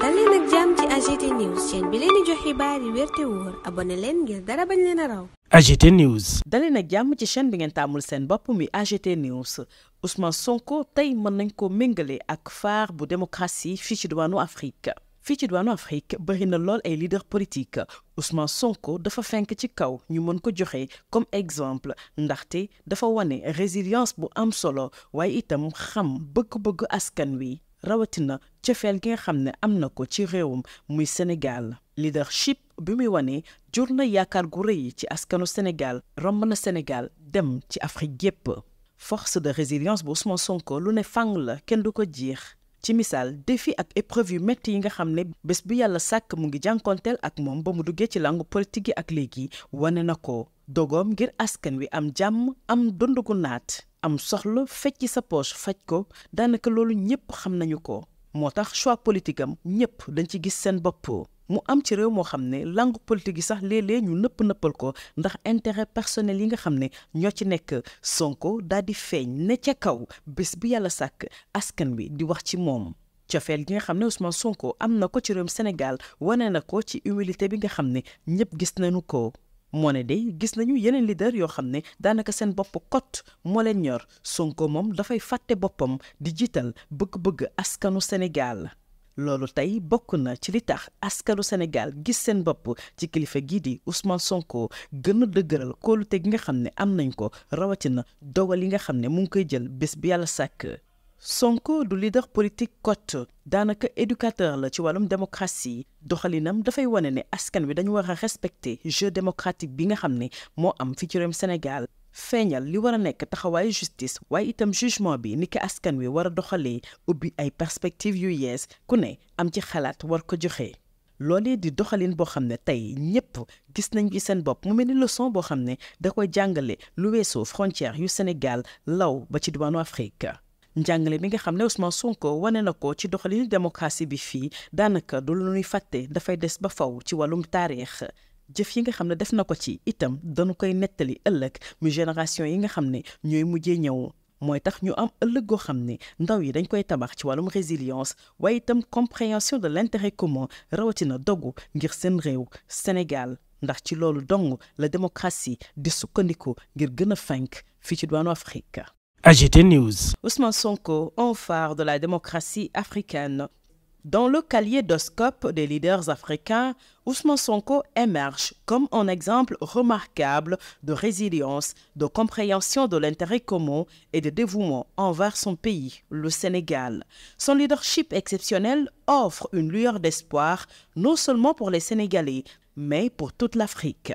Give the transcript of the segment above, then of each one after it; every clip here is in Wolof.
dal leen ak jàmm ci AGT bi leen di jox xibaar yi wér te leen ngir dara bañ leen a raw. AGT News. daleen ak jàmm ci chaîne bi ngeen taamul seen bopp muy AGT News Ousmane Sonko tey mën nañ ko méngale ak phare bu démocratie fii ci diwaanu Afrique. fii ci diwaanu Afrique bëri na lool ay leader politique Ousmane Sonko dafa fenk ci kaw ñu mën ko joxe comme exemple ndaxte dafa wane résilience bu am solo waaye itam xam bëgg-bëgg askan wi rawatina cofeel gi nga xam ne am na ko ci réewum muy Sénégal leadership bi muy wane jur na yaakaar gu rëy ci askanu Sénégal romb na Sénégal dem ci Afrique gépp force de résilience bu Ousmane Sonko lu ne fàng la kenn du ko jiix ci misaal défi ak épreuve yu métti yi nga xam ne bés bu yàlla sàkk mu ngi jànkonteel ak moom ba mu duggee ci langu politique yi ak léegi wane na ko dogoom ngir askan wi am jàmm am dundu naat am soxla fecc ci sa poche faj ko daanaka loolu ñëpp xam nañu ko moo tax choix politique am ñëpp dañ ci gis seen bopp mu am ci réew moo xam ne langue politique yi sax léeg ñu nëpp nëppal ko ndax intérêt personnel yi nga xam ne ñoo ci nekk Sonko daal di feeñ ne ca kaw bés bi yàlla sàkk askan wi di wax ci moom. cofeel gi nga xam ne Ousmane Sonko am na ko ci réewum Sénégal wane na ko ci humilité bi nga xam ne ñëpp gis nañu ko. moo ne day gis nañu yeneen leader yoo xam ne daanaka seen bopp kot moo leen ñor Sonko moom dafay fàtte boppam di jiital bëgg-bëgg askanu Sénégal loolu tey bokk na ci li tax askanu Sénégal gis seen bopp ci kilifa gii di Ousmane Sonko gën a dëgëral kóolute gi nga xam ne am nañ ko rawatina dogal yi nga xam ne mu ngi koy jël bés bi yàlla sàkk. Sonko du leader politique cote daanaka éducateur la ci wàllum démocratie doxalinam dafay wane ne askan wi dañu war a respecter jeu démocratique bi nga xam ne moo am fii ci réewum Sénégal feeñal li war a nekk taxawaayu justice waaye itam jugement bi ni ki askan wi war a doxalee ubbi ay perspectives yu yees ku ne am ci xalaat war ko joxe. loolee di doxalin boo xam ne tey ñëpp gis nañ ci seen bopp mu mel ni leçon boo xam ne da koy jàngale lu weesoo frontière yu Sénégal law ba ci diwaanu Afrique. njàngale bi nga xam ne Ousmane Sonko wane na ko ci doxalinu démocratie bi fii daanaka du lu ñuy fàtte dafay des ba faw ci wàllum taarix jëf yi nga xam ne def na ko ci itam dañu koy nettali ëllëg mu génération yi nga xam ne ñooy mujjee ñëw mooy tax ñu am ëllëg goo xam ne ndaw yi dañ koy tabax ci wàllum résilience waaye itam compréhension de l'intérêt commun rawatina dogu ngir seen réew Sénégal ndax ci loolu dong la démocratie di sukkandiku ngir gën a fànk fii ci doonu Afrique AGT News. Ousmane Sonko, un phare de la démocratie africaine. Dans le kaléidoscope des leaders africains, Ousmane Sonko émerge comme un exemple remarquable de résilience, de compréhension de l'intérêt commun et de dévouement envers son pays, le Sénégal. Son leadership exceptionnel offre une lueur d'espoir non seulement pour les Sénégalais, mais pour toute l'Afrique.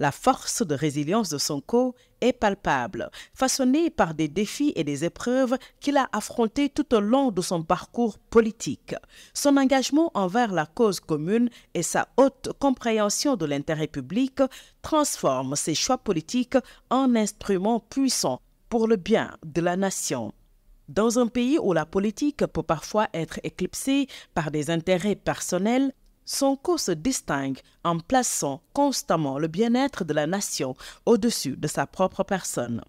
La force de résilience de Sonko est palpable, façonnée par des défis et des épreuves qu'il a affrontés tout au long de son parcours politique. Son engagement envers la cause commune et sa haute compréhension de l'intérêt public transforment ses choix politiques en instruments puissants pour le bien de la nation. Dans un pays où la politique peut parfois être éclipsée par des intérêts personnels, Sonko se distingue en plaçant constamment le bien-être de la nation au-dessus de sa propre personne.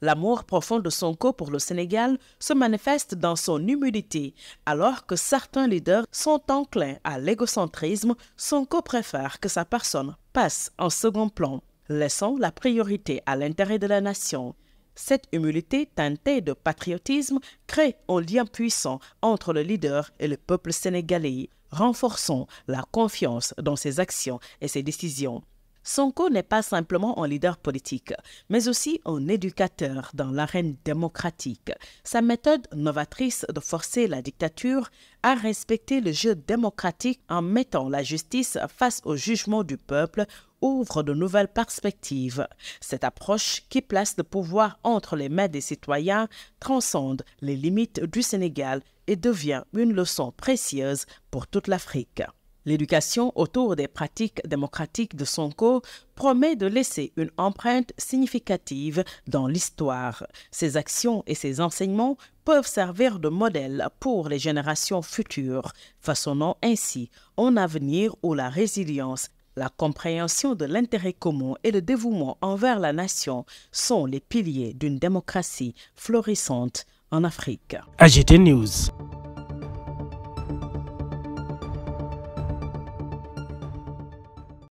L'amour profond de Sonko pour le Sénégal se manifeste dans son humilité. Alors que certains leaders sont enclins à l'égocentrisme, Sonko préfère que sa personne passe en second plan, laissant la priorité à l'intérêt de la nation. Cette humilité teintée de patriotisme crée un lien puissant entre le leader et le peuple sénégalais. Renforçons la confiance dans ses actions et ses décisions. Sonko n'est pas simplement un leader politique, mais aussi un éducateur dans l'arène démocratique. Sa méthode novatrice de forcer la dictature à respecter le jeu démocratique en mettant la justice face au jugement du peuple ouvre de nouvelles perspectives. Cette approche qui place le pouvoir entre les mains des citoyens transcende les limites du Sénégal et devient une leçon précieuse pour toute l'Afrique. L'éducation autour des pratiques démocratiques de Sonko promet de laisser une empreinte significative dans l'histoire. Ses actions et ses enseignements peuvent servir de modèle pour les générations futures, façonnant ainsi un avenir où la résilience, la compréhension de l'intérêt commun et le dévouement envers la nation sont les piliers d'une démocratie florissante en Afrique. AGT News.